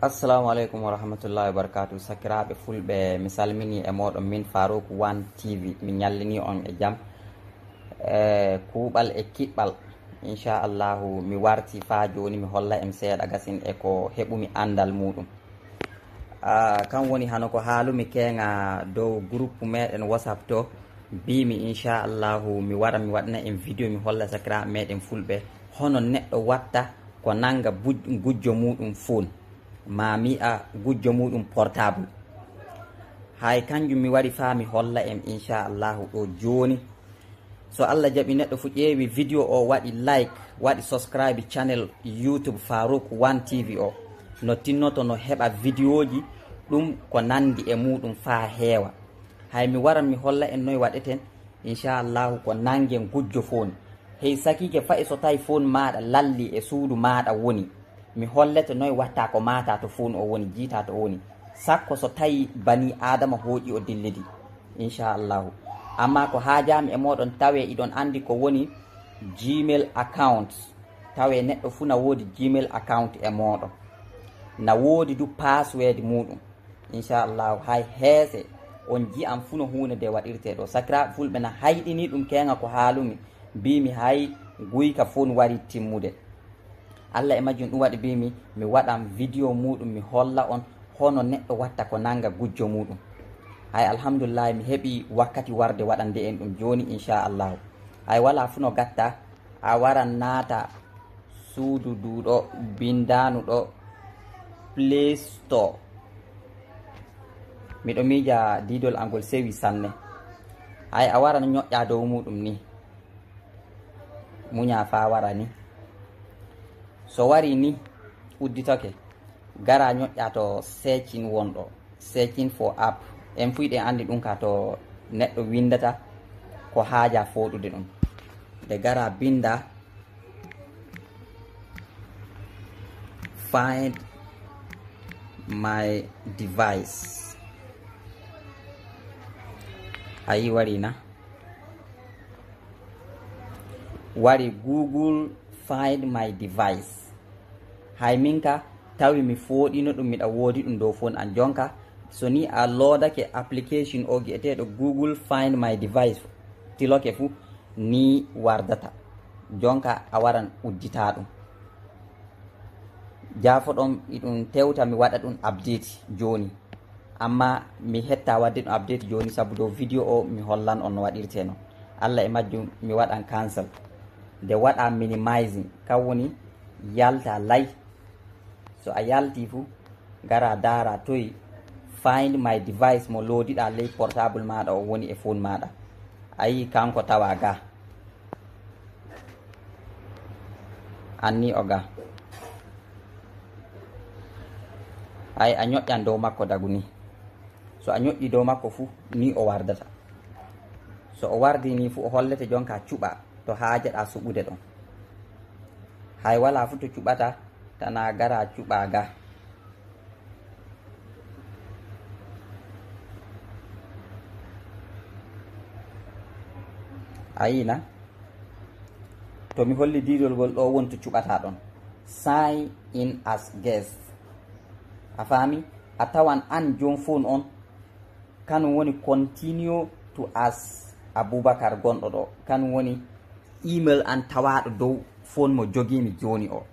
assalamu aleykum wa rahmatullahi wa barakatu sakiraɓe fulɓe mi salmini e moɗon min farouk one tv mi ñallini on e jaam e kuuɓal e kiɓɓal inchallahu mi warti fa joni mi holla en seeɗa gasin e ko heɓumi andal muɗum kan woni hano ko haalumi keega dow groupe meɗen whatsapp to mbimi inchallahu mi wara mi waɗana en vidéo mi holla sakiraɓe meɗen fulɓe hono neɗɗo watta ko nanga gujjo muɗum fuun ma mi'a gujjo muɗum portable hay kanjum mi wari fa mi holla en inchallahu ɗo joni so allah jaaɓi neɗɗo fu ƴeewi vidéo o waɗi like waɗi souscribe channel youtube farouk one tv o no tinnoto no heɓa vidéoji ɗum ko nandi e muɗum fa heewa hay mi waran mi holla en noye waɗeten inchallahu ko nangen gujjo fooni hey sakike fa e so tawi fon maɗa lalli e suudu maɗa woni mi hollete noy watta ko mata to fuuni o woni jiita to o woni sakko so tawi bani adama hooƴi o dillidi inchallahu amma ko hajami e moɗon tawe iɗon andi ko woni gmail account tawe neɗɗo fuu na woodi gmail account e moɗon na woodi du paswede muɗum inchallahu hay heese on ji am fuu no hunde de waɗirte ɗo sakiraɓe fulɓe na hayɗini ɗum kenga ko haalumi mbimi hay guyka fuu n wari timmude allah e majjum ɗum waɗi mbimi mi waɗan vidéo muɗum mi holla on hono neɗɗo watta ko nanga gujjo muɗum hay alhamdoulillahi mi heeɓi wakkati warde waɗande en ɗum joni inchallahu hay wala fuu no gatta a waran naata suudu duɗo bindanu ɗo playstore miɗo mija didol angol sewi sanne hay a waran ñoƴƴa dow muɗum ni muña fa wara ni so wari ni udditoke gara ñoƴƴa to secin wonɗo secin fo app en fuyɗe andi ɗum ka to neɗɗo windata ko haaja foɗude ɗum de gara binda find my device ayi wari na wari google find my device hay min ka tawi mi fooɗino ɗum miɗa woodi ɗum dow fon an jonka so ni a loodake application o gueteɗo google find my device tiloke fuu ni wardata jonka a waran uddita ɗum jaafo ɗon iɗum tewta mi waɗa ɗum update joni amma mi hetta wadde ɗum update joni saabu dow vidéo o mi hollan on no waɗirte noon allah e majjum mi waɗan cancel nde waɗa minimising kam woni yalta lay like. so a yalti fuu gara daara toye find my device mo loodiɗa ley portable maɗa o woni e phone maɗa ayi kanko tawa ga anni o ga ay a ñoƴƴan dow makko daguni so a ñoƴƴi dow makko fuu ni o wardata so o wardi ni fuu o hollete jonka cuɓa to haajaɗa suɓude ɗon hay wala fuu to cuɓata tana gara cuɓaga ayina to mi holli didol gol ɗo wonto cuɓata ɗon sign in as guest a faami a tawan an jon fon on kanum woni continue to as aboubacar gonɗo ɗo kanum woni email an tawaɗo dow fon mo jogimi joni o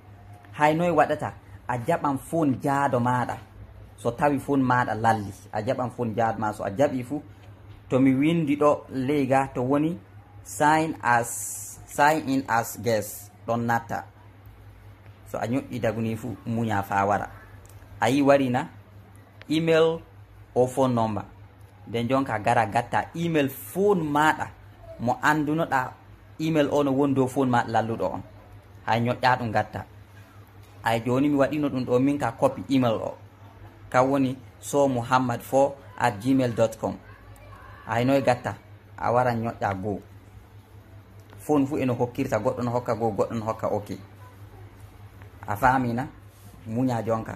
hay noye waɗata a jaɓan fon jaaɗo maɗa so tawi fon maɗa lalli a jaɓan fon jaaɗo ma so a jaɓi fuu tomi windi ɗo leyga to woni sign as sign in as ges ɗon natta so a ñoƴƴi daguni fuu muña fa wara a yi warina email o fon nomba nde jonka gara gatta email fon maɗa mo andunoɗa email o no woni dow fon maɗa lalluɗo on hay ñoƴƴa ɗum gatta ay joni mi waɗino ɗum ɗo min ka copy email o kam woni so mouhammad fo at gmail dot com haynoye gatta a waran ñoƴƴa goo fon fu eno hokkirta goɗɗo no hokka goo goɗɗo no hokka ok a famina muña jonka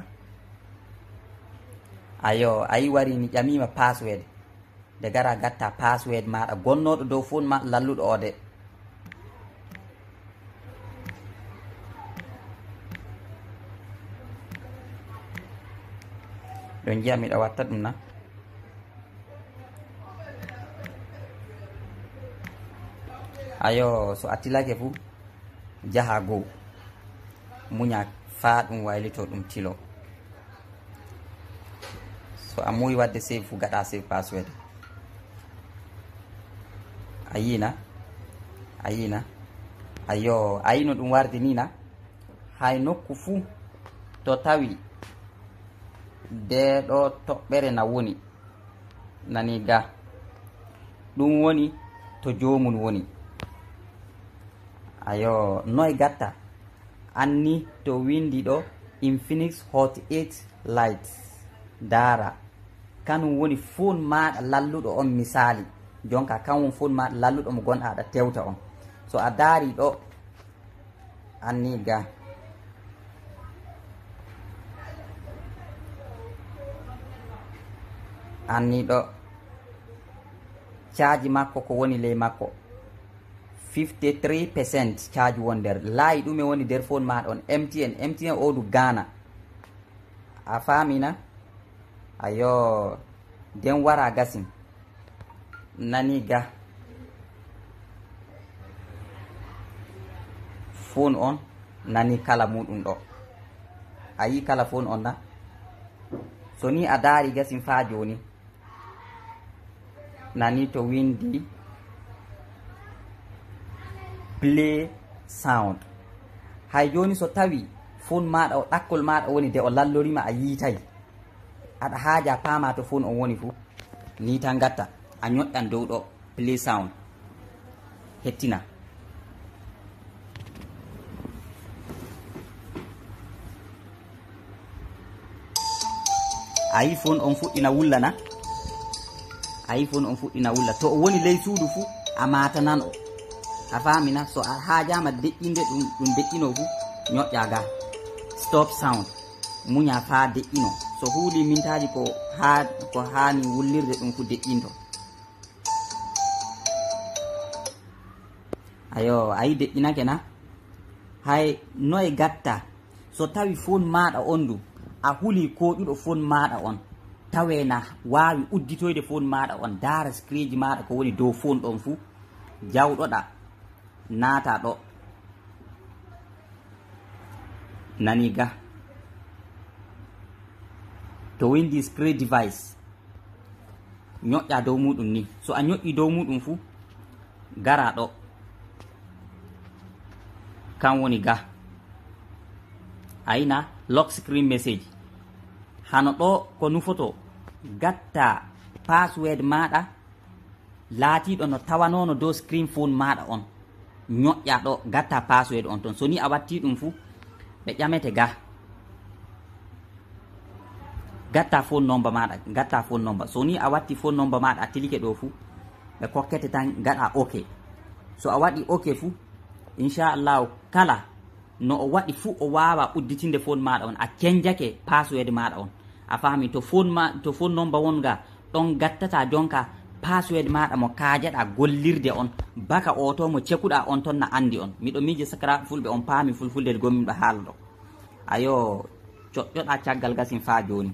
ayo ayi wari ni ƴamima passwed de gara gatta passwed maɗa gonnoɗo dow fon ma lalluɗo o de yo jiya miɗa watta ɗum na ayo so attilake fuu jaha goo muña fa ɗum waylito ɗum tilo so a muuyi wadde save fuu gaɗa save passwed a yina a yina ayo a yino ɗum wardi ni na hay nokku fuu to tawi deeɗo toɓɓere na woni nani ga ɗum woni to jomum woni ayo noy gatta anni to windi ɗo infinix hot eight light dara kanum woni fuun maɗa lalluɗo on misali jonka kanum fuun maɗa lalluɗo mo gonɗa aɗa tewta on so a daari ɗo anni ga anniɗo caaji makko ko woni ley makko 53 percent caaji won nder laayi ɗume woni nder fof maɗa on mtn mtn o ndu gana a faamina ayo nden wara gasin nani ga fon on nani kala muɗum ɗo a yi kala fon on na so ni a daari gasin faa jooni nani to windi play sound hay joni so tawi fon maɗa o ɗakkol maɗa woni de o lallorima a yiitay aɗa haaja paama to fon on woni fuu ni tan gatta a ñoɗɗan dow ɗo play sound hettina ayi fon on fuɗɗina wullana iphone on fuɗɗina wulla to o woni ley suudu fuu a matanan o a famina so a hajama deƴƴinde ɗum ɗum deƴƴino fuu ñoƴƴa ga stop sound muña fa deƴƴino so huuli mintaji ko ha ko hani wullirde ɗum fu deƴƴinto ayo ayi deƴƴinake na hay noye gatta so tawi fon maɗa on ɗum a huuli koƴuɗo fon maɗa on tawena wawi udditoyde fon maɗa on dara screji maɗa ko woni dow fon ɗon fou jawɗoɗa naata ɗo nani ga to windi screw device ñoƴƴa dow muɗum ni so a ñoƴƴi dow muɗum fou gara ɗo kan woni ga ayina lock screen message hano ɗo ko nufoto gatta password maɗa laatiɗo no tawanono dow screen phone maɗa on ñoƴƴa ɗo gatta password on ton so ni a watti ɗum fuu ɓe ƴamete ga gatta phone nomba maɗa gatta phone nomba so ni a watti phone nomba maɗa a tilike ɗo fuu ɓe kokkete tan gaɗa ok so a waɗi ok fuu inchallahu kala no o waɗi fuu o wawa udditinde phone maɗa on a cenjake password maɗa on a faami to fonma to fon nomba wonga ɗon gattata jonka passwed maɗa mo kajaɗa gollirde on baka o to mo cekuɗa on toon na andi on miɗo miji sakra fulɓe on paami fulfuldel gomminɗo haalaɗo ayo coƴƴoɗa caggal gasin fa joni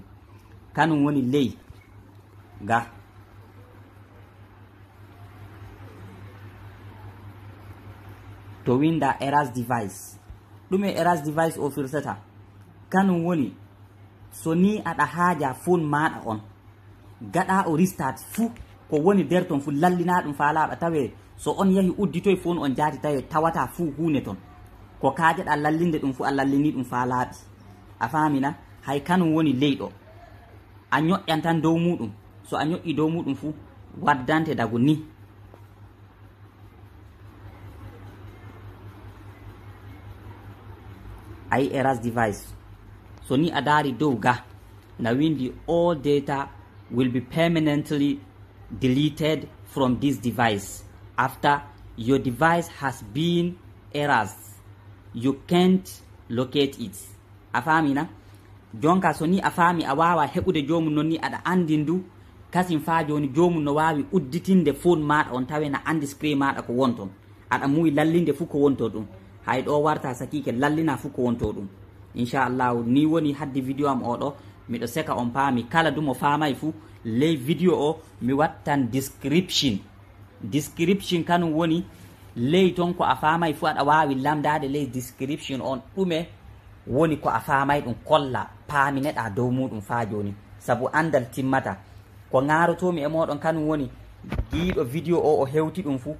kanum woni ley ga to winda eras device ɗume eras device o firtata kanum woni so ni aɗa haaja fon maɗa on gaɗa o restat fuu ko woni nder ton fuu lallina ɗum falaɓa tawe so on yahi udditoy fon on jaati tawe tawata fuu hunde ton ko kajeɗa lallinde ɗum fuu a lallini ɗum falaɓi a famina hay kanum woni leyɗo a ño'an tan dow muɗum so a ño'i dow muɗum fuu waddante dago ni ayi erasdivice so ni adari doga, na windi all data will be permanently deleted from this device after your device has been erased you can't locate it Afami na, jonka so ni a faami a wawa heɓude jomum noon ni aɗa andi ndu kasin fa joni no wawi phone mat on tawe na andi spray maɗa ko wonton aɗa muwi lallinde fuko ko wonto ɗum hay ɗo warta sakike lallina fuu wonto inchallah ni woni haddi vidéo am oɗo miɗo seka on paami kala dumo faamay fuu ley vidéo o mi wattan description description kanum woni ley toon ko a faamay fuu aɗa waawi lamdade ley description on ɗume woni ko a faamay ɗum kolla paamineɗa dow muɗum faa jooni sabu andal timmata ko ŋaarotomi e moɗon kanum woni giiɗo vidéo o o hewti ɗum fuu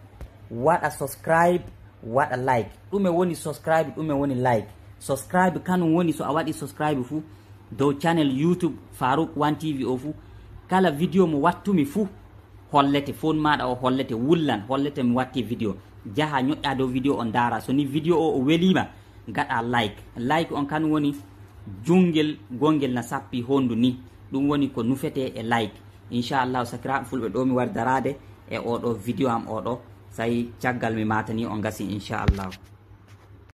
waɗa subscribe waɗa like ɗume woni subscribe ɗume woni like subscribe kanum woni so a waɗi subscribe fuu dow channel youtube farouk one tv o fuu kala vidéo mo wattumi fuu hollete fon maɗa o hollete wullan hollete mi watti vidéo jaaha ñoƴƴa dow vidéo o dara so ni vidéo o o welima gaɗa like like on kanum woni junguel gonguel na sappi hondu ni ɗum woni ko nufete e like inchallahu sakiraɓe fulɓe ɗo mi wardarade e oɗo vidéo am oɗo sayi caggal mi matani on gasi inchallahu